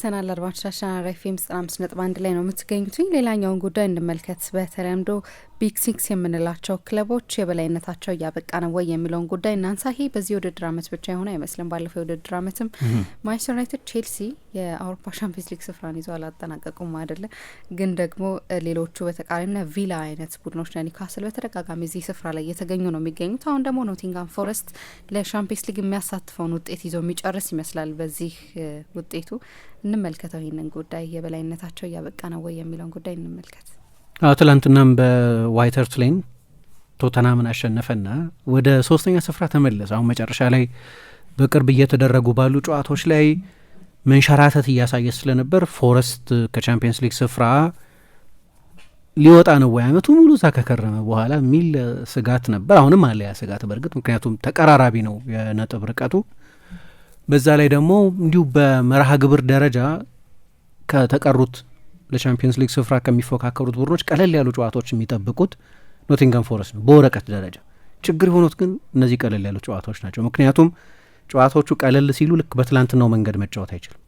ተመልሰናል። አድማጮቻችን አራዳ ኤፍ ኤም ዘጠና አምስት ነጥብ አንድ ላይ ነው የምትገኙትኝ። ሌላኛውን ጉዳይ እንመልከት። በተለምዶ ቢግ ሲክስ የምንላቸው ክለቦች የበላይነታቸው እያበቃ ነው ወይ የሚለውን ጉዳይ እናንሳ። ይሄ በዚህ ውድድር አመት ብቻ የሆነ አይመስልም። ባለፈው የውድድር አመትም ማንቸስተር ዩናይትድ፣ ቼልሲ የአውሮፓ ሻምፒዮንስ ሊግ ስፍራን ይዞ አላጠናቀቁም አይደለ። ግን ደግሞ ሌሎቹ በተቃራኒና ቪላ አይነት ቡድኖች ኒውካስል በተደጋጋሚ እዚህ ስፍራ ላይ እየተገኙ ነው የሚገኙት። አሁን ደግሞ ኖቲንጋም ፎረስት ለሻምፒዮንስ ሊግ የሚያሳትፈውን ውጤት ይዞ የሚጨርስ ይመስላል። በዚህ ውጤቱ እንመልከተው ይህንን ጉዳይ የበላይነታቸው እያበቃ ነው ወይ የሚለውን ጉዳይ እንመልከት። አዎ ትላንትናም በዋይት ሃርት ሌን ቶተናምን አሸነፈና ወደ ሶስተኛ ስፍራ ተመለሰ። አሁን መጨረሻ ላይ በቅርብ እየተደረጉ ባሉ ጨዋታዎች ላይ መንሸራተት እያሳየ ስለነበር ፎረስት ከቻምፒየንስ ሊግ ስፍራ ሊወጣ ነው ወይ አመቱ ሙሉ እዛ ከከረመ በኋላ የሚል ስጋት ነበር። አሁንም አለ ያ ስጋት በእርግጥ ምክንያቱም ተቀራራቢ ነው የነጥብ ርቀቱ። በዛ ላይ ደግሞ እንዲሁ በመርሃ ግብር ደረጃ ከተቀሩት ለቻምፒየንስ ሊግ ስፍራ ከሚፎካከሩት ቡድኖች ቀለል ያሉ ጨዋታዎች የሚጠብቁት ኖቲንገም ፎረስት ነው በወረቀት ደረጃ። ችግር የሆኑት ግን እነዚህ ቀለል ያሉ ጨዋታዎች ናቸው። ምክንያቱም ጨዋታዎቹ ቀለል ሲሉ ልክ በትላንትናው መንገድ መጫወት አይችልም።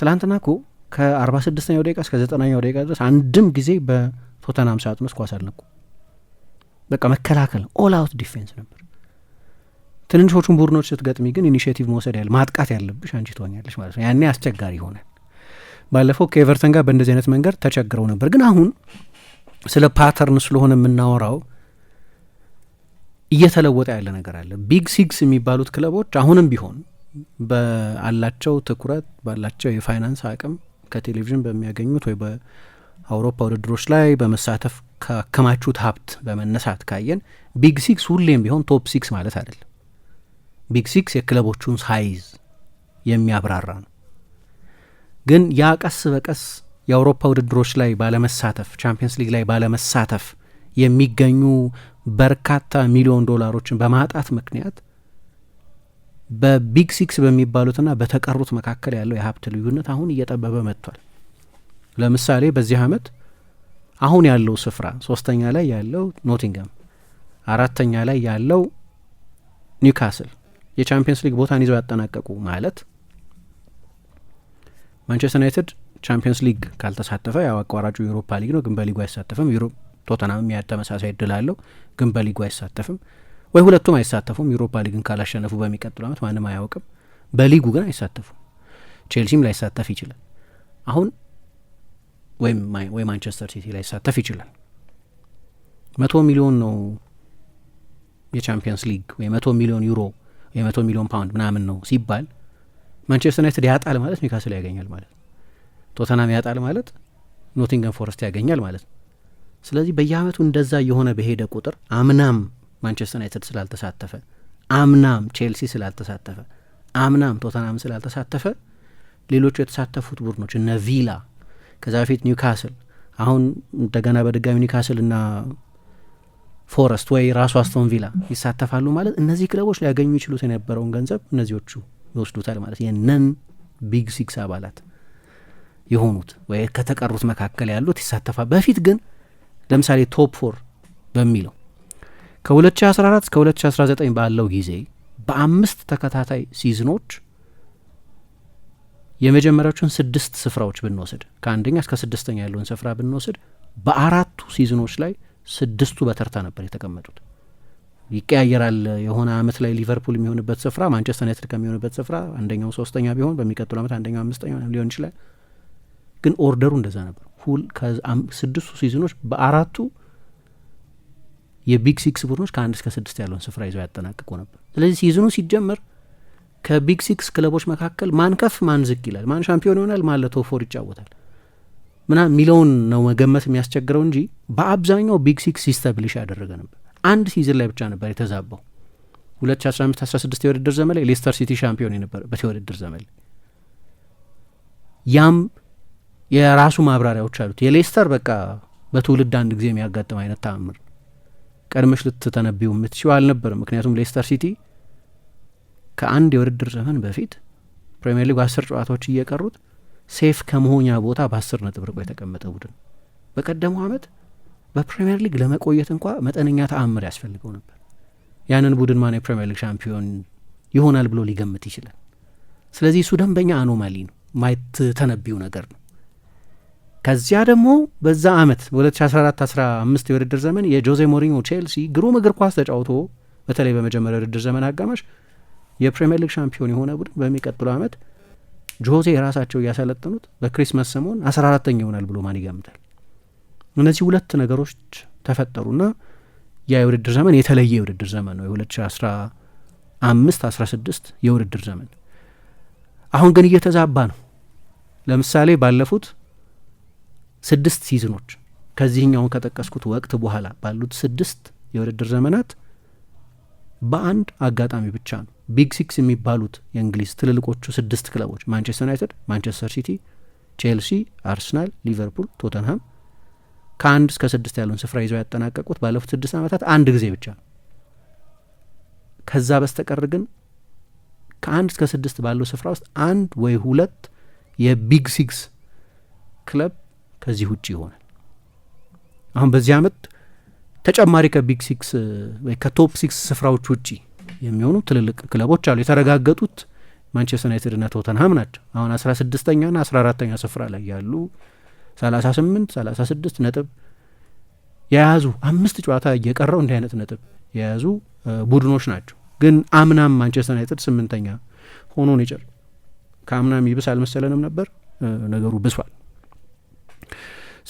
ትላንትና ኮ ከ 46 ደቂቃ እስከ ዘጠናኛው ደቂቃ ድረስ አንድም ጊዜ በቶተናም ሳጥን ውስጥ ኳስ በቃ መከላከል ኦል አውት ዲፌንስ ነበር። ትንንሾቹን ቡድኖች ስትገጥሚ ግን ኢኒሽቲቭ መውሰድ ያለ ማጥቃት ያለብሽ አንቺ ትሆኛለሽ ማለት ነው። ያኔ አስቸጋሪ ይሆናል። ባለፈው ከኤቨርተን ጋር በእንደዚህ አይነት መንገድ ተቸግረው ነበር። ግን አሁን ስለ ፓተርን ስለሆነ የምናወራው እየተለወጠ ያለ ነገር አለ። ቢግ ሲክስ የሚባሉት ክለቦች አሁንም ቢሆን በአላቸው ትኩረት ባላቸው የፋይናንስ አቅም ከቴሌቪዥን በሚያገኙት ወይ በአውሮፓ ውድድሮች ላይ በመሳተፍ ካከማቹት ሀብት በመነሳት ካየን ቢግ ሲክስ ሁሌም ቢሆን ቶፕ ሲክስ ማለት አይደለም። ቢግ ሲክስ የክለቦቹን ሳይዝ የሚያብራራ ነው። ግን ያ ቀስ በቀስ የአውሮፓ ውድድሮች ላይ ባለመሳተፍ ቻምፒየንስ ሊግ ላይ ባለመሳተፍ የሚገኙ በርካታ ሚሊዮን ዶላሮችን በማጣት ምክንያት በቢግ ሲክስ በሚባሉትና በተቀሩት መካከል ያለው የሀብት ልዩነት አሁን እየጠበበ መጥቷል። ለምሳሌ በዚህ አመት አሁን ያለው ስፍራ ሶስተኛ ላይ ያለው ኖቲንገም፣ አራተኛ ላይ ያለው ኒውካስል የቻምፒየንስ ሊግ ቦታን ይዘው ያጠናቀቁ ማለት ማንቸስተር ዩናይትድ ቻምፒየንስ ሊግ ካልተሳተፈ ያው አቋራጩ ዩሮፓ ሊግ ነው፣ ግን በሊጉ አይሳተፍም። ቶተናም ያ ተመሳሳይ እድል አለው፣ ግን በሊጉ አይሳተፍም ወይ ሁለቱም አይሳተፉም። ዩሮፓ ሊግን ካላሸነፉ በሚቀጥሉ ዓመት ማንም አያውቅም። በሊጉ ግን አይሳተፉም። ቼልሲም ላይሳተፍ ይችላል አሁን ወይም ወይ ማንቸስተር ሲቲ ላይሳተፍ ይችላል። መቶ ሚሊዮን ነው የቻምፒየንስ ሊግ ወይ መቶ ሚሊዮን ዩሮ ወይ መቶ ሚሊዮን ፓውንድ ምናምን ነው ሲባል ማንቸስተር ዩናይትድ ያጣል ማለት ኒውካስል ያገኛል ማለት ነው። ቶተናም ያጣል ማለት ኖቲንገም ፎረስት ያገኛል ማለት ነው። ስለዚህ በየአመቱ እንደዛ የሆነ በሄደ ቁጥር አምናም ማንቸስተር ዩናይትድ ስላልተሳተፈ አምናም ቼልሲ ስላልተሳተፈ አምናም ቶተናም ስላልተሳተፈ ሌሎቹ የተሳተፉት ቡድኖች እነ ቪላ፣ ከዛ በፊት ኒውካስል፣ አሁን እንደገና በድጋሚ ኒውካስል እና ፎረስት ወይ ራሱ አስቶን ቪላ ይሳተፋሉ ማለት እነዚህ ክለቦች ሊያገኙ ይችሉት የነበረውን ገንዘብ እነዚዎቹ ይወስዱታል ማለት የነን ቢግ ሲክስ አባላት የሆኑት ወይ ከተቀሩት መካከል ያሉት ይሳተፋል። በፊት ግን ለምሳሌ ቶፕ ፎር በሚለው ከ2014 እስከ 2019 ባለው ጊዜ በአምስት ተከታታይ ሲዝኖች የመጀመሪያዎቹን ስድስት ስፍራዎች ብንወስድ ከአንደኛ እስከ ስድስተኛ ያለውን ስፍራ ብንወስድ በአራቱ ሲዝኖች ላይ ስድስቱ በተርታ ነበር የተቀመጡት። ይቀያየራል። የሆነ አመት ላይ ሊቨርፑል የሚሆንበት ስፍራ ማንቸስተር ዩናይትድ ከሚሆንበት ስፍራ አንደኛው ሶስተኛ ቢሆን፣ በሚቀጥሉ አመት አንደኛው አምስተኛ ሊሆን ይችላል። ግን ኦርደሩ እንደዛ ነበር። ስድስቱ ሲዝኖች በአራቱ የቢግ ሲክስ ቡድኖች ከአንድ እስከ ስድስት ያለውን ስፍራ ይዘው ያጠናቅቁ ነበር። ስለዚህ ሲዝኑ ሲጀመር ከቢግ ሲክስ ክለቦች መካከል ማን ከፍ ማን ዝቅ ይላል፣ ማን ሻምፒዮን ይሆናል፣ ማን ለቶፎር ይጫወታል ምና የሚለውን ነው መገመት የሚያስቸግረው እንጂ በአብዛኛው ቢግ ሲክስ ሲስተብሊሽ ያደረገ ነበር። አንድ ሲዝን ላይ ብቻ ነበር የተዛባው። 2015 16 የውድድር ዘመን ላይ ሌስተር ሲቲ ሻምፒዮን የነበረበት የውድድር ዘመን ላይ ያም የራሱ ማብራሪያዎች አሉት። የሌስተር በቃ በትውልድ አንድ ጊዜ የሚያጋጥም አይነት ተአምር ቀድመሽ ልትተነቢው የምትችው አልነበርም። ምክንያቱም ሌስተር ሲቲ ከአንድ የውድድር ዘመን በፊት ፕሪምየር ሊግ አስር ጨዋታዎች እየቀሩት ሴፍ ከመሆኛ ቦታ በአስር ነጥብ ርቆ የተቀመጠ ቡድን በቀደመው ዓመት በፕሪምየር ሊግ ለመቆየት እንኳ መጠነኛ ተአምር ያስፈልገው ነበር። ያንን ቡድን ማን የፕሪምየር ሊግ ሻምፒዮን ይሆናል ብሎ ሊገምት ይችላል? ስለዚህ እሱ ደንበኛ አኖማሊ ነው፣ ማይተነቢው ነገር ነው። ከዚያ ደግሞ በዛ አመት በ2014 15 የውድድር ዘመን የጆዜ ሞሪኞ ቼልሲ ግሩም እግር ኳስ ተጫውቶ በተለይ በመጀመሪያ ውድድር ዘመን አጋማሽ የፕሪምየር ሊግ ሻምፒዮን የሆነ ቡድን በሚቀጥለው አመት ጆዜ የራሳቸው እያሰለጠኑት በክሪስመስ ሰሞን 14ተኛ ይሆናል ብሎ ማን ይገምታል? እነዚህ ሁለት ነገሮች ተፈጠሩና ያ የውድድር ዘመን የተለየ የውድድር ዘመን ነው። የ2015 16 የውድድር ዘመን አሁን ግን እየተዛባ ነው። ለምሳሌ ባለፉት ስድስት ሲዝኖች ከዚህኛውን ከጠቀስኩት ወቅት በኋላ ባሉት ስድስት የውድድር ዘመናት በአንድ አጋጣሚ ብቻ ነው ቢግ ሲክስ የሚባሉት የእንግሊዝ ትልልቆቹ ስድስት ክለቦች ማንቸስተር ዩናይትድ፣ ማንቸስተር ሲቲ፣ ቼልሲ፣ አርሰናል፣ ሊቨርፑል፣ ቶተንሃም ከአንድ እስከ ስድስት ያሉን ስፍራ ይዘው ያጠናቀቁት ባለፉት ስድስት ዓመታት አንድ ጊዜ ብቻ ነው። ከዛ በስተቀር ግን ከአንድ እስከ ስድስት ባለው ስፍራ ውስጥ አንድ ወይ ሁለት የቢግ ሲክስ ክለብ ከዚህ ውጭ ይሆናል። አሁን በዚህ አመት ተጨማሪ ከቢግ ሲክስ ወይ ከቶፕ ሲክስ ስፍራዎች ውጪ የሚሆኑ ትልልቅ ክለቦች አሉ። የተረጋገጡት ማንቸስተር ዩናይትድ እና ቶተንሃም ናቸው። አሁን አስራ ስድስተኛ ና አስራ አራተኛ ስፍራ ላይ ያሉ ሰላሳ ስምንት ሰላሳ ስድስት ነጥብ የያዙ አምስት ጨዋታ እየቀረው እንዲህ አይነት ነጥብ የያዙ ቡድኖች ናቸው። ግን አምናም ማንቸስተር ዩናይትድ ስምንተኛ ሆኖን ነው ይጨር ከአምናም ይብስ አልመሰለንም ነበር። ነገሩ ብሷል።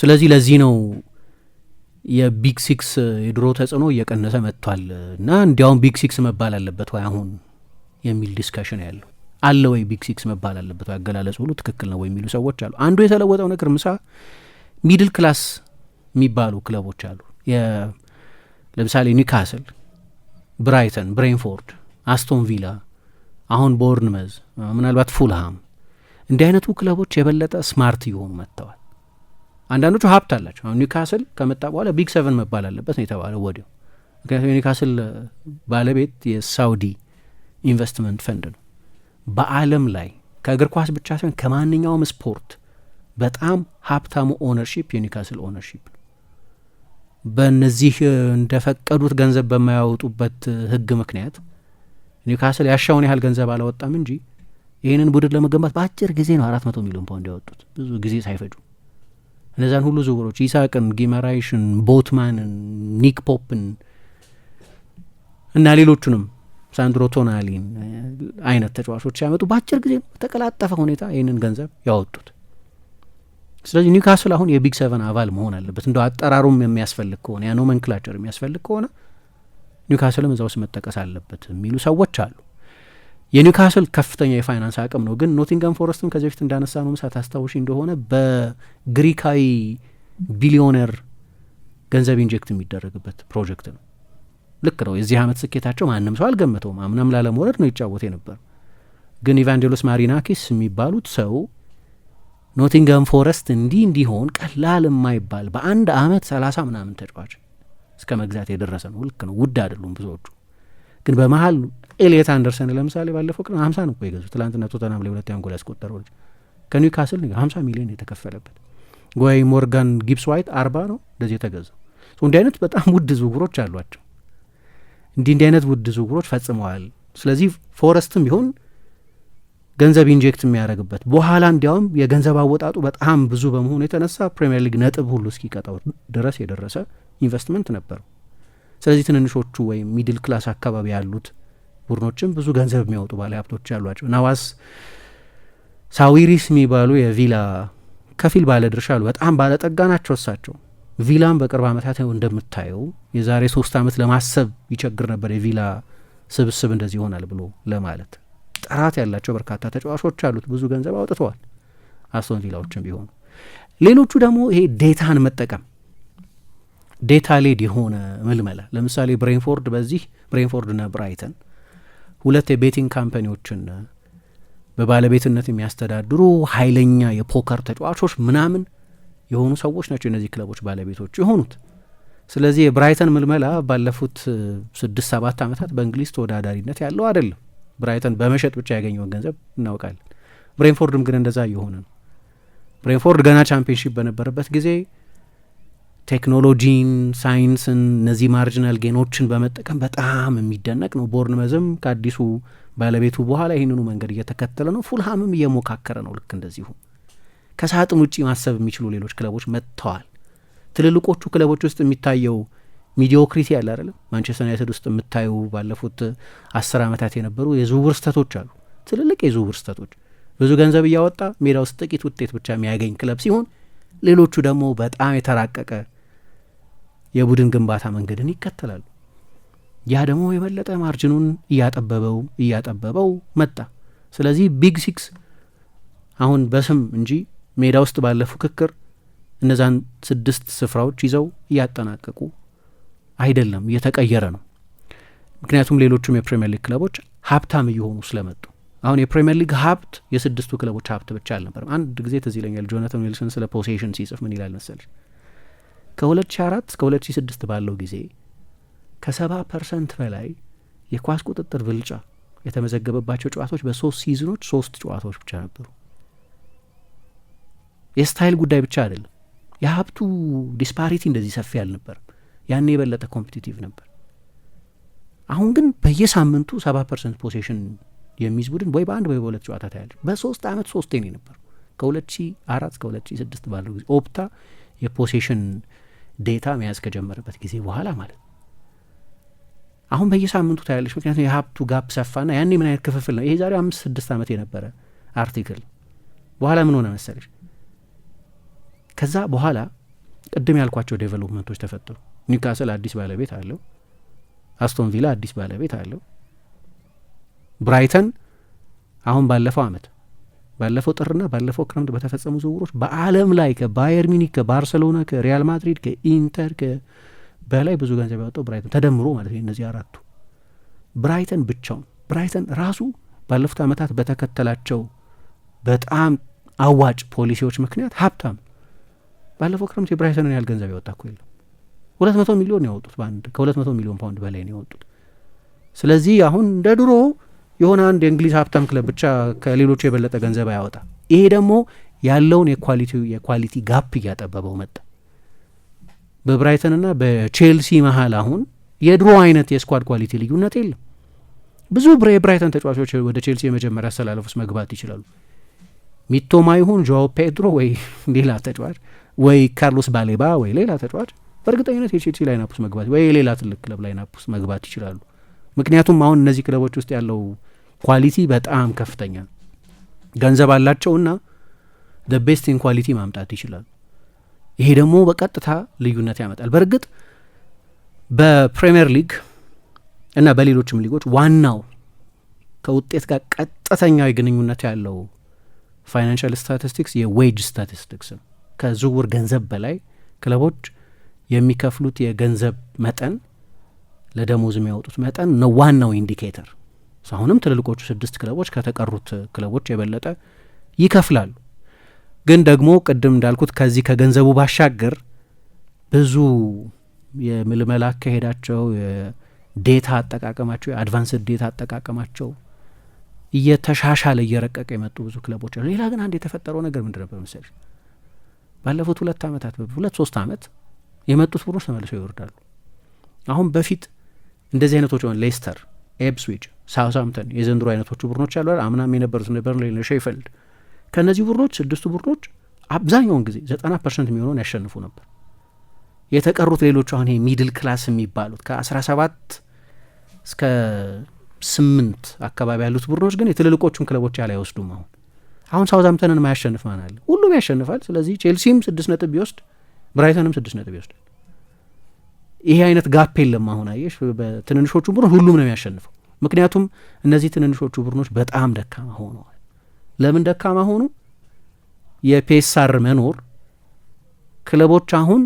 ስለዚህ ለዚህ ነው የቢግ ሲክስ የድሮ ተጽዕኖ እየቀነሰ መጥቷል እና እንዲያውም ቢግ ሲክስ መባል አለበት ወይ አሁን የሚል ዲስካሽን ያለው አለ ወይ ቢግ ሲክስ መባል አለበት ወይ አገላለጽ ሁሉ ትክክል ነው ወይ የሚሉ ሰዎች አሉ። አንዱ የተለወጠው ነገር ምሳ ሚድል ክላስ የሚባሉ ክለቦች አሉ። ለምሳሌ ኒውካስል፣ ብራይተን፣ ብሬንፎርድ፣ አስቶን ቪላ፣ አሁን ቦርንመዝ፣ ምናልባት ፉልሃም እንዲህ አይነቱ ክለቦች የበለጠ ስማርት እየሆኑ መጥተዋል። አንዳንዶቹ ሀብት አላቸው። አሁን ኒውካስል ከመጣ በኋላ ቢግ ሰቨን መባል አለበት ነው የተባለው ወዲያው። ምክንያቱም የኒውካስል ባለቤት የሳውዲ ኢንቨስትመንት ፈንድ ነው። በዓለም ላይ ከእግር ኳስ ብቻ ሳይሆን ከማንኛውም ስፖርት በጣም ሀብታሙ ኦነርሺፕ የኒውካስል ኦነርሺፕ ነው። በእነዚህ እንደፈቀዱት ገንዘብ በማያወጡበት ህግ ምክንያት ኒውካስል ያሻውን ያህል ገንዘብ አላወጣም እንጂ ይህንን ቡድን ለመገንባት በአጭር ጊዜ ነው አራት መቶ ሚሊዮን ፓውንድ ያወጡት ብዙ ጊዜ ሳይፈጁ እነዚያን ሁሉ ዝውውሮች ኢሳቅን፣ ጊመራይሽን፣ ቦትማንን፣ ኒክ ፖፕን እና ሌሎቹንም ሳንድሮ ቶናሊን አይነት ተጫዋቾች ሲያመጡ በአጭር ጊዜ በተቀላጠፈ ሁኔታ ይህንን ገንዘብ ያወጡት። ስለዚህ ኒውካስል አሁን የቢግ ሰቨን አባል መሆን አለበት። እንደ አጠራሩም የሚያስፈልግ ከሆነ ያ ኖመንክላቸር የሚያስፈልግ ከሆነ ኒውካስልም እዛ ውስጥ መጠቀስ አለበት የሚሉ ሰዎች አሉ። የኒውካስል ከፍተኛ የፋይናንስ አቅም ነው። ግን ኖቲንገም ፎረስትም ከዚህ በፊት እንዳነሳ ነው ምሳት አስታውሽ እንደሆነ በግሪካዊ ቢሊዮነር ገንዘብ ኢንጀክት የሚደረግበት ፕሮጀክት ነው። ልክ ነው። የዚህ ዓመት ስኬታቸው ማንም ሰው አልገመተውም። አምናም ላለመውረድ ነው ይጫወት የነበር። ግን ኢቫንጀሎስ ማሪናኪስ የሚባሉት ሰው ኖቲንገም ፎረስት እንዲህ እንዲሆን ቀላል የማይባል በአንድ አመት ሰላሳ ምናምን ተጫዋች እስከ መግዛት የደረሰ ነው። ልክ ነው። ውድ አይደሉም ብዙዎቹ ግን በመሀል ኤልየት አንደርሰን ለምሳሌ ባለፈው ቅድም ሀምሳ ነው እኮ የገዙት። ትላንትና ቶተናም ላይ ሁለተኛውን ጎል ያስቆጠረው ልጅ ከኒውካስል ሀምሳ ሚሊዮን የተከፈለበት ወይ ሞርጋን ጊብስ ዋይት አርባ ነው እንደዚህ የተገዛው። እንዲህ አይነት በጣም ውድ ዝውውሮች አሏቸው። እንዲህ እንዲህ አይነት ውድ ዝውውሮች ፈጽመዋል። ስለዚህ ፎረስትም ቢሆን ገንዘብ ኢንጀክት የሚያደርግበት በኋላ እንዲያውም የገንዘብ አወጣጡ በጣም ብዙ በመሆኑ የተነሳ ፕሪምየር ሊግ ነጥብ ሁሉ እስኪቀጣው ድረስ የደረሰ ኢንቨስትመንት ነበረው። ስለዚህ ትንንሾቹ ወይም ሚድል ክላስ አካባቢ ያሉት ቡድኖችም ብዙ ገንዘብ የሚያወጡ ባለ ሀብቶች አሏቸው። ናዋስ ሳዊሪስ የሚባሉ የቪላ ከፊል ባለ ድርሻ አሉ። በጣም ባለጠጋ ናቸው እሳቸው። ቪላም በቅርብ ዓመታት እንደምታየው የዛሬ ሶስት ዓመት ለማሰብ ይቸግር ነበር የቪላ ስብስብ እንደዚህ ይሆናል ብሎ ለማለት። ጥራት ያላቸው በርካታ ተጫዋቾች አሉት። ብዙ ገንዘብ አውጥተዋል አስቶን ቪላዎችም ቢሆኑ። ሌሎቹ ደግሞ ይሄ ዴታን መጠቀም ዴታ ሌድ የሆነ ምልመላ ለምሳሌ ብሬንፎርድ በዚህ ብሬንፎርድና ብራይተን ሁለት የቤቲንግ ካምፓኒዎችን በባለቤትነት የሚያስተዳድሩ ኃይለኛ የፖከር ተጫዋቾች ምናምን የሆኑ ሰዎች ናቸው እነዚህ ክለቦች ባለቤቶች የሆኑት። ስለዚህ የብራይተን ምልመላ ባለፉት ስድስት ሰባት ዓመታት በእንግሊዝ ተወዳዳሪነት ያለው አይደለም። ብራይተን በመሸጥ ብቻ ያገኘውን ገንዘብ እናውቃለን። ብሬንፎርድም ግን እንደዛ እየሆነ ነው። ብሬንፎርድ ገና ቻምፒዮንሺፕ በነበረበት ጊዜ ቴክኖሎጂን፣ ሳይንስን እነዚህ ማርጂናል ጌኖችን በመጠቀም በጣም የሚደነቅ ነው። ቦርንመዝም ከአዲሱ ባለቤቱ በኋላ ይህንኑ መንገድ እየተከተለ ነው። ፉልሃምም እየሞካከረ ነው። ልክ እንደዚሁ ከሳጥን ውጭ ማሰብ የሚችሉ ሌሎች ክለቦች መጥተዋል። ትልልቆቹ ክለቦች ውስጥ የሚታየው ሚዲዮክሪቲ ያለ አይደለም። ማንቸስተር ዩናይትድ ውስጥ የምታዩ ባለፉት አስር ዓመታት የነበሩ የዝውውር ስተቶች አሉ። ትልልቅ የዝውውር ስተቶች ብዙ ገንዘብ እያወጣ ሜዳ ውስጥ ጥቂት ውጤት ብቻ የሚያገኝ ክለብ ሲሆን ሌሎቹ ደግሞ በጣም የተራቀቀ የቡድን ግንባታ መንገድን ይከተላሉ። ያ ደግሞ የበለጠ ማርጅኑን እያጠበበው እያጠበበው መጣ። ስለዚህ ቢግ ሲክስ አሁን በስም እንጂ ሜዳ ውስጥ ባለ ፉክክር እነዛን ስድስት ስፍራዎች ይዘው እያጠናቀቁ አይደለም፣ እየተቀየረ ነው። ምክንያቱም ሌሎቹም የፕሪምየር ሊግ ክለቦች ሀብታም እየሆኑ ስለመጡ አሁን የፕሪምየር ሊግ ሀብት የስድስቱ ክለቦች ሀብት ብቻ አልነበርም። አንድ ጊዜ ትዝ ይለኛል ጆናታን ዊልሰን ስለ ፖሴሽን ሲጽፍ ምን ይላል መሰለሽ ከ2004 እስከ 2006 ባለው ጊዜ ከ70 ፐርሰንት በላይ የኳስ ቁጥጥር ብልጫ የተመዘገበባቸው ጨዋታዎች በሶስት ሲዝኖች ሶስት ጨዋታዎች ብቻ ነበሩ። የስታይል ጉዳይ ብቻ አይደለም። የሀብቱ ዲስፓሪቲ እንደዚህ ሰፊ አልነበርም። ያኔ የበለጠ ኮምፒቲቲቭ ነበር። አሁን ግን በየሳምንቱ ሰባ ፐርሰንት ፖሴሽን የሚይዝ ቡድን ወይ በአንድ ወይ በሁለት ጨዋታ ታያለች። በሶስት አመት ሶስቴ ነው የነበረው ከ2004 እስከ 2006 ባለው ጊዜ ኦፕታ የፖሴሽን ዴታ መያዝ ከጀመረበት ጊዜ በኋላ ማለት ነው። አሁን በየሳምንቱ ታያለች። ምክንያቱም የሀብቱ ጋፕ ሰፋና ያኔ ምን አይነት ክፍፍል ነው ይሄ? ዛሬ አምስት ስድስት ዓመት የነበረ አርቲክል በኋላ ምን ሆነ መሰለች? ከዛ በኋላ ቅድም ያልኳቸው ዴቨሎፕመንቶች ተፈጠሩ። ኒውካስል አዲስ ባለቤት አለው። አስቶን ቪላ አዲስ ባለቤት አለው። ብራይተን አሁን ባለፈው አመት ባለፈው ጥርና ባለፈው ክረምት በተፈጸሙ ዝውውሮች በዓለም ላይ ከባየር ሚኒክ ከባርሰሎና ከሪያል ማድሪድ ከኢንተር በላይ ብዙ ገንዘብ ያወጣው ብራይተን ተደምሮ ማለት ነው። እነዚህ አራቱ ብራይተን ብቻውን ብራይተን ራሱ ባለፉት ዓመታት በተከተላቸው በጣም አዋጭ ፖሊሲዎች ምክንያት ሀብታም ባለፈው ክረምት የብራይተንን ያህል ገንዘብ ያወጣ እኮ የለም። ሁለት መቶ ሚሊዮን ያወጡት በአንድ ከሁለት መቶ ሚሊዮን ፓውንድ በላይ ነው ያወጡት። ስለዚህ አሁን እንደ ድሮ የሆነ አንድ የእንግሊዝ ሀብታም ክለብ ብቻ ከሌሎቹ የበለጠ ገንዘብ አያወጣ። ይሄ ደግሞ ያለውን የኳሊቲ የኳሊቲ ጋፕ እያጠበበው መጣ። በብራይተንና በቼልሲ መሀል አሁን የድሮ አይነት የስኳድ ኳሊቲ ልዩነት የለም። ብዙ የብራይተን ተጫዋቾች ወደ ቼልሲ የመጀመሪያ አሰላለፍ ውስጥ መግባት ይችላሉ። ሚቶማ ይሁን ጆዋ ፔድሮ ወይ ሌላ ተጫዋች ወይ ካርሎስ ባሌባ ወይ ሌላ ተጫዋች በእርግጠኝነት የቼልሲ ላይናፕ ውስጥ መግባት ወይ የሌላ ትልቅ ክለብ ላይናፕ ውስጥ መግባት ይችላሉ። ምክንያቱም አሁን እነዚህ ክለቦች ውስጥ ያለው ኳሊቲ በጣም ከፍተኛ ነው። ገንዘብ አላቸውና ደ ቤስቲን ኳሊቲ ማምጣት ይችላሉ። ይሄ ደግሞ በቀጥታ ልዩነት ያመጣል። በእርግጥ በፕሪምየር ሊግ እና በሌሎችም ሊጎች ዋናው ከውጤት ጋር ቀጥተኛዊ ግንኙነት ያለው ፋይናንሻል ስታቲስቲክስ የዌጅ ስታቲስቲክስ ነው። ከዝውውር ገንዘብ በላይ ክለቦች የሚከፍሉት የገንዘብ መጠን ለደሞዝ የሚያወጡት መጠን ነው ዋናው ኢንዲኬተር። አሁንም ትልልቆቹ ስድስት ክለቦች ከተቀሩት ክለቦች የበለጠ ይከፍላሉ። ግን ደግሞ ቅድም እንዳልኩት ከዚህ ከገንዘቡ ባሻገር ብዙ የምልመላ አካሄዳቸው፣ የዴታ አጠቃቀማቸው፣ የአድቫንስድ ዴታ አጠቃቀማቸው እየተሻሻለ እየረቀቀ የመጡ ብዙ ክለቦች አሉ። ሌላ ግን አንድ የተፈጠረው ነገር ምንድን ነበር መሰለሽ? ባለፉት ሁለት አመታት ሁለት ሶስት አመት የመጡት ቡድኖች ተመልሰው ይወርዳሉ። አሁን በፊት እንደዚህ አይነቶች ሆን ሌስተር፣ ኤፕስዊች፣ ሳውሳምተን የዘንድሮ አይነቶቹ ቡድኖች አሉ። አምናም የነበሩት በርንሌ፣ ሼፊልድ ከእነዚህ ቡድኖች ስድስቱ ቡድኖች አብዛኛውን ጊዜ ዘጠና ፐርሰንት የሚሆነውን ያሸንፉ ነበር። የተቀሩት ሌሎቹ አሁን ይሄ ሚድል ክላስ የሚባሉት ከአስራ ሰባት እስከ ስምንት አካባቢ ያሉት ቡድኖች ግን የትልልቆቹን ክለቦች ያህል አይወስዱም። አሁን አሁን ሳውዛምተንን ማያሸንፍ ማን አለ? ሁሉም ያሸንፋል። ስለዚህ ቼልሲም ስድስት ነጥብ ቢወስድ ብራይተንም ስድስት ነጥብ ይወስዳል። ይሄ አይነት ጋፕ የለም። አሁን አየሽ በትንንሾቹ ቡድን ሁሉም ነው የሚያሸንፈው። ምክንያቱም እነዚህ ትንንሾቹ ቡድኖች በጣም ደካማ ሆነዋል። ለምን ደካማ ሆኑ? የፔሳር መኖር ክለቦች አሁን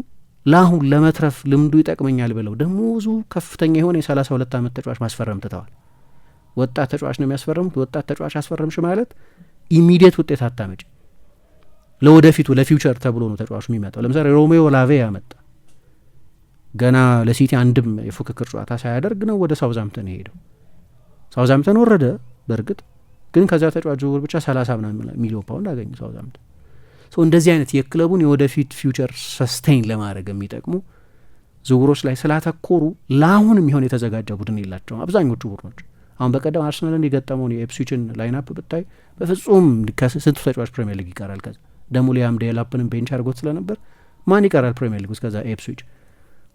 ለአሁን ለመትረፍ ልምዱ ይጠቅመኛል ብለው ደሞዙ ከፍተኛ የሆነ የሰላሳ ሁለት ዓመት ተጫዋች ማስፈረም ትተዋል። ወጣት ተጫዋች ነው የሚያስፈረሙት። ወጣት ተጫዋች አስፈረምሽ ማለት ኢሚዲየት ውጤት አታመጭ። ለወደፊቱ ለፊውቸር ተብሎ ነው ተጫዋቹ የሚመጣው። ለምሳሌ ሮሜዮ ላቬ ያመጣ ገና ለሲቲ አንድም የፉክክር ጨዋታ ሳያደርግ ነው ወደ ሳውዛምተን የሄደው። ሳውዛምተን ወረደ በእርግጥ ግን ከዚያ ተጫዋች ዝውውር ብቻ ሰላሳ ምናምን ሚሊዮን ፓውንድ አገኘ ሳውዛምተን። እንደዚህ አይነት የክለቡን የወደፊት ፊውቸር ሰስቴን ለማድረግ የሚጠቅሙ ዝውውሮች ላይ ስላተኮሩ ለአሁን የሚሆን የተዘጋጀ ቡድን የላቸው አብዛኞቹ ቡድኖች። አሁን በቀደም አርሰናልን የገጠመውን የኤፕስዊችን ላይናፕ ብታይ በፍጹም ከስንቱ ተጫዋች ፕሪሚየር ሊግ ይቀራል። ከዛ ደግሞ ሊያም ዴላፕንም ቤንች አድርጎት ስለነበር ማን ይቀራል ፕሪሚየር ሊግ ውስጥ ከዛ ኤፕስዊች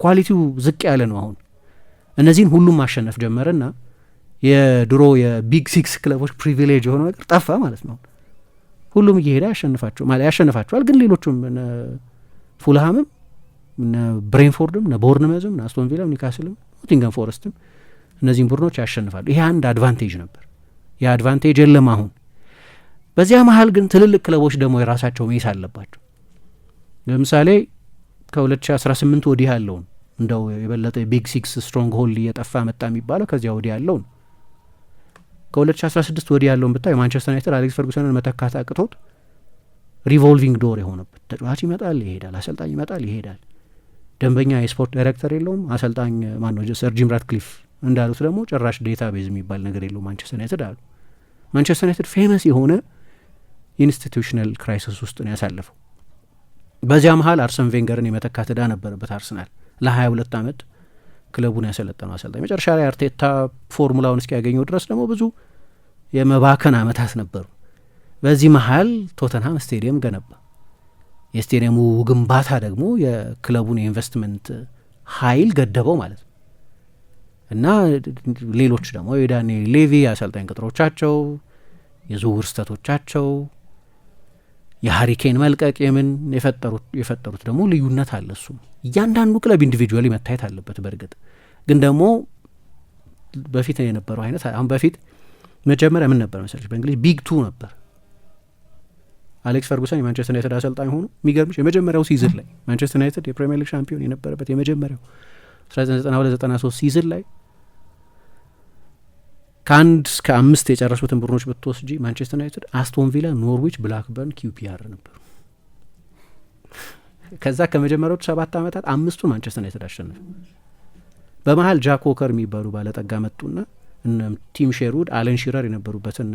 ኳሊቲው ዝቅ ያለ ነው። አሁን እነዚህን ሁሉም ማሸነፍ ጀመረና የድሮ የቢግ ሲክስ ክለቦች ፕሪቪሌጅ የሆነ ነገር ጠፋ ማለት ነው። ሁሉም እየሄደ ያሸንፋቸው ማለት ያሸንፋቸዋል። ግን ሌሎቹም እነ ፉልሃምም ብሬንፎርድም እነ ቦርንመዝም እነ አስቶንቪላም ኒካስልም ኖቲንገም ፎረስትም እነዚህም ቡድኖች ያሸንፋሉ። ይሄ አንድ አድቫንቴጅ ነበር። ያ አድቫንቴጅ የለም አሁን። በዚያ መሀል ግን ትልልቅ ክለቦች ደግሞ የራሳቸው ሜስ አለባቸው። ለምሳሌ ከ2018 ወዲህ ያለውን እንደው የበለጠ የቢግ ሲክስ ስትሮንግ ሆልድ እየጠፋ መጣ የሚባለው ከዚያ ወዲህ ያለውን ከ2016 ወዲህ ያለውን ብታይ የማንቸስተር ዩናይትድ አሌክስ ፈርጉሰንን መተካት አቅቶት ሪቮልቪንግ ዶር የሆነበት ተጫዋች ይመጣል ይሄዳል፣ አሰልጣኝ ይመጣል ይሄዳል። ደንበኛ የስፖርት ዳይሬክተር የለውም። አሰልጣኝ ማን ነው? ሰር ጂም ራትክሊፍ እንዳሉት ደግሞ ጭራሽ ዴታ ቤዝ የሚባል ነገር የለው ማንቸስተር ዩናይትድ አሉ። ማንቸስተር ዩናይትድ ፌመስ የሆነ ኢንስቲቱሽናል ክራይሲስ ውስጥ ነው ያሳለፈው። በዚያ መሀል አርሰን ቬንገርን የመተካት እዳ ነበረበት አርሰናል ለ22 ዓመት ክለቡን ያሰለጠነው አሰልጣኝ። መጨረሻ ላይ አርቴታ ፎርሙላውን እስኪያገኘው ድረስ ደግሞ ብዙ የመባከን አመታት ነበሩ። በዚህ መሀል ቶተንሃም ስቴዲየም ገነባ። የስቴዲየሙ ግንባታ ደግሞ የክለቡን የኢንቨስትመንት ኃይል ገደበው ማለት ነው እና ሌሎች ደግሞ የዳንኤል ሌቪ አሰልጣኝ ቅጥሮቻቸው፣ የዝውውር ስህተቶቻቸው የሀሪኬን መልቀቅ የምን የፈጠሩት ደግሞ ልዩነት አለ። እሱም እያንዳንዱ ክለብ ኢንዲቪጁዋሊ መታየት አለበት። በእርግጥ ግን ደግሞ በፊት የነበረው አይነት አሁን በፊት መጀመሪያ ምን ነበር መሰለሽ በእንግሊዝ ቢግ ቱ ነበር። አሌክስ ፈርጉሰን የማንቸስተር ዩናይትድ አሰልጣኝ ሆኑ። የሚገርምሽ የመጀመሪያው ሲዝን ላይ ማንቸስተር ዩናይትድ የፕሪሚየር ሊግ ሻምፒዮን የነበረበት የመጀመሪያው 1992/93 ሲዝን ላይ ከአንድ እስከ አምስት የጨረሱትን ቡድኖች ብትወስጂ ማንቸስተር ዩናይትድ፣ አስቶን ቪላ፣ ኖርዊች፣ ብላክበርን፣ ኪዩፒአር ነበሩ። ከዛ ከመጀመሪያዎቹ ሰባት አመታት አምስቱ ማንቸስተር ዩናይትድ አሸነፈ። በመሀል ጃክ ዎከር የሚባሉ ባለጠጋ መጡና እነ ቲም ሼርውድ አለን ሺረር የነበሩበትን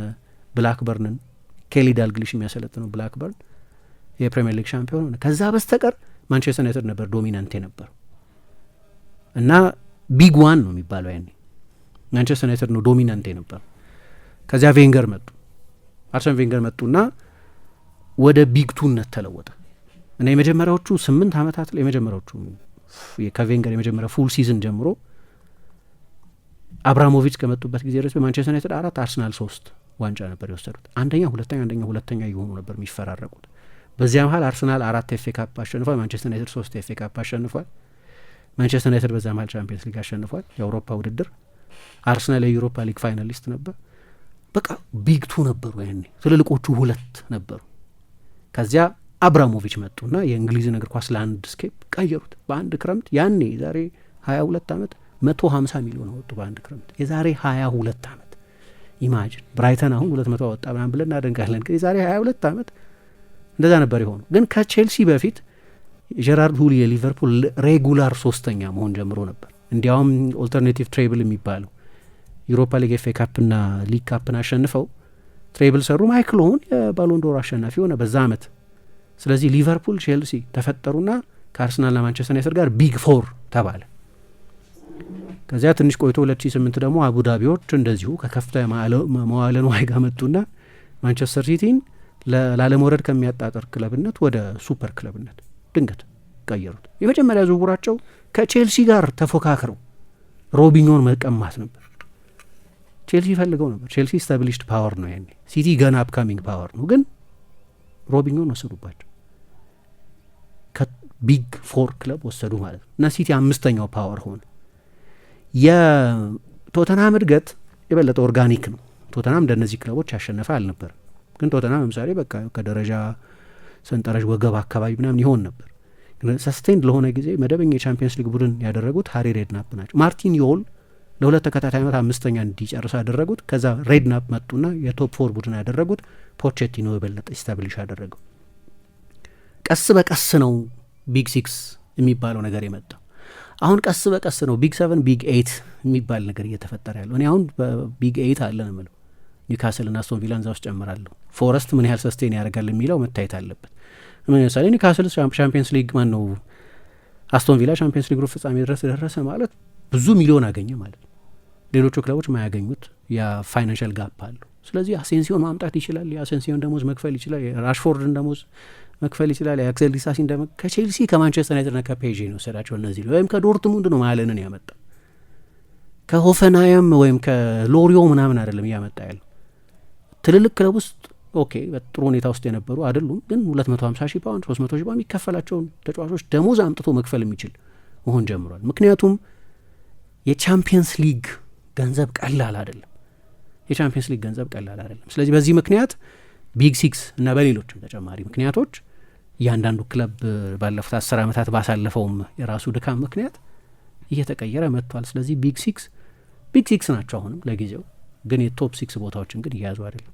ብላክበርንን ኬሊ ዳልግሊሽ የሚያሰለጥነው ብላክበርን የፕሪምየር ሊግ ሻምፒዮን ሆነ። ከዛ በስተቀር ማንቸስተር ዩናይትድ ነበር ዶሚናንት የነበረው እና ቢግ ዋን ነው የሚባለው ያኔ ማንቸስተር ዩናይትድ ነው ዶሚናንት የነበር። ከዚያ ቬንገር መጡ፣ አርሰን ቬንገር መጡና ወደ ቢግቱነት ተለወጠ እና የመጀመሪያዎቹ ስምንት ዓመታት የመጀመሪያዎቹ ከቬንገር የመጀመሪያ ፉል ሲዝን ጀምሮ አብራሞቪች ከመጡበት ጊዜ ድረስ በማንቸስተር ዩናይትድ አራት አርሰናል ሶስት ዋንጫ ነበር የወሰዱት። አንደኛ ሁለተኛ አንደኛ ሁለተኛ እየሆኑ ነበር የሚፈራረቁት። በዚያ መሀል አርሰናል አራት ኤፌ ካፕ አሸንፏል። ማንቸስተር ዩናይትድ ሶስት ኤፌ ካፕ አሸንፏል። ማንቸስተር ዩናይትድ በዛ መሀል ቻምፒየንስ ሊግ አሸንፏል፣ የአውሮፓ ውድድር አርስናል የዩሮፓ ሊግ ፋይናሊስት ነበር። በቃ ቱ ነበሩ ያኔ ትልልቆቹ ሁለት ነበሩ። ከዚያ አብራሞቪች መጡና የእንግሊዝን እግር ኳስ ለአንድ ስኬፕ ቀየሩት። በአንድ ክረምት ያኔ የዛሬ ሀያ ሁለት አመት መቶ ሀምሳ ሚሊዮን አወጡ። በአንድ ክረምት የዛሬ ሀያ ሁለት አመት ኢማጅን ብራይተን አሁን ሁለት መቶ አወጣ ምናምን ብለን እናደንቃለን። ግን የዛሬ ሀያ ሁለት አመት እንደዛ ነበር የሆኑ ግን ከቼልሲ በፊት ጀራርድ ሁሊ የሊቨርፑል ሬጉላር ሶስተኛ መሆን ጀምሮ ነበር። እንዲያውም ኦልተርኔቲቭ ትሬብል የሚባለው ዩሮፓ ሊግ ኤፍ ኤ ካፕና ሊግ ካፕን አሸንፈው ትሬብል ሰሩ። ማይክል ኦውን የባሎንዶር አሸናፊ ሆነ በዛ አመት። ስለዚህ ሊቨርፑል፣ ቼልሲ ተፈጠሩና ከአርሰናልና ማንቸስተር ዩናይትድ ጋር ቢግ ፎር ተባለ። ከዚያ ትንሽ ቆይቶ 2008 ደግሞ አቡዳቢዎች እንደዚሁ ከከፍታ መዋለ ንዋይ ጋር መጡና ማንቸስተር ሲቲን ላለመውረድ ከሚያጣጥር ክለብነት ወደ ሱፐር ክለብነት ድንገት ቀየሩት። የመጀመሪያ ዝውውራቸው ከቼልሲ ጋር ተፎካክረው ሮቢኞን መቀማት ነበር። ቼልሲ ፈልገው ነበር። ቼልሲ ስታብሊሽድ ፓወር ነው ያኔ። ሲቲ ገና አፕካሚንግ ፓወር ነው። ግን ሮቢኞን ወሰዱባቸው፣ ከቢግ ፎር ክለብ ወሰዱ ማለት ነው እና ሲቲ አምስተኛው ፓወር ሆነ። የቶተናም እድገት የበለጠ ኦርጋኒክ ነው። ቶተናም እንደነዚህ ክለቦች ያሸነፈ አልነበር። ግን ቶተናም ለምሳሌ በቃ ከደረጃ ሰንጠረዥ ወገብ አካባቢ ምናምን ይሆን ነበር። ሰስቴንድ ለሆነ ጊዜ መደበኛ የቻምፒየንስ ሊግ ቡድን ያደረጉት ሀሪ ሬድናፕ ናቸው። ማርቲን ዮል ለሁለት ተከታታይ ዓመት አምስተኛ እንዲጨርስ ያደረጉት ከዛ ሬድናፕ መጡና የቶፕ ፎር ቡድን ያደረጉት ፖቼቲኖ የበለጠ ስታብሊሽ ያደረገው። ቀስ በቀስ ነው ቢግ ሲክስ የሚባለው ነገር የመጣው። አሁን ቀስ በቀስ ነው ቢግ ሰቨን ቢግ ኤይት የሚባል ነገር እየተፈጠረ ያለው። እኔ አሁን ቢግ ኤይት አለን ምለው ኒውካስል ና አስቶን ዛ ውስጥ ጨምራለሁ። ፎረስት ምን ያህል ሰስቴን ያደርጋል የሚለው መታየት አለበት። ለምሳሌ ኒካስል ሻምፒየንስ ሊግ ማን ነው አስቶን ቪላ ሻምፒየንስ ሊግ ሩብ ፍጻሜ ድረስ ደረሰ ማለት ብዙ ሚሊዮን አገኘ ማለት ነው። ሌሎቹ ክለቦች ማያገኙት የፋይናንሻል ጋፕ አሉ። ስለዚህ አሴንሲዮን ማምጣት ይችላል። የአሴንሲዮን ደሞዝ መክፈል ይችላል። የራሽፎርድን ደሞዝ መክፈል ይችላል። የአክሰል ዲሳሲን ደሞ ከቼልሲ ከማንቸስተር ና ከፔዥ ነው ወሰዳቸው እነዚህ ወይም ከዶርትሙንድ ነው ማለንን ያመጣ ከሆፈናየም ወይም ከሎሪዮ ምናምን አይደለም እያመጣ ያለው ትልልቅ ክለብ ውስጥ ኦኬ በጥሩ ሁኔታ ውስጥ የነበሩ አይደሉም፣ ግን ሁለት መቶ ሀምሳ ሺህ ፓውንድ ሶስት መቶ ሺህ ፓውንድ የሚከፈላቸውን ተጫዋቾች ደሞዝ አምጥቶ መክፈል የሚችል መሆን ጀምሯል። ምክንያቱም የቻምፒየንስ ሊግ ገንዘብ ቀላል አይደለም። የቻምፒየንስ ሊግ ገንዘብ ቀላል አይደለም። ስለዚህ በዚህ ምክንያት ቢግ ሲክስ እና በሌሎችም ተጨማሪ ምክንያቶች እያንዳንዱ ክለብ ባለፉት አስር ዓመታት ባሳለፈውም የራሱ ድካም ምክንያት እየተቀየረ መጥቷል። ስለዚህ ቢግ ሲክስ ቢግ ሲክስ ናቸው አሁንም ለጊዜው ግን የቶፕ ሲክስ ቦታዎችን ግን እያያዙ አይደለም።